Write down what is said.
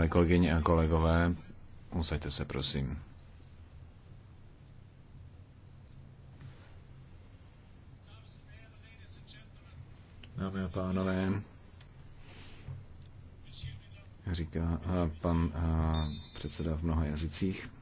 Milé kolegyně a kolegové, usaďte se prosím. Dámy a pánové, říká eh, pan eh, předseda v mnoha jazycích.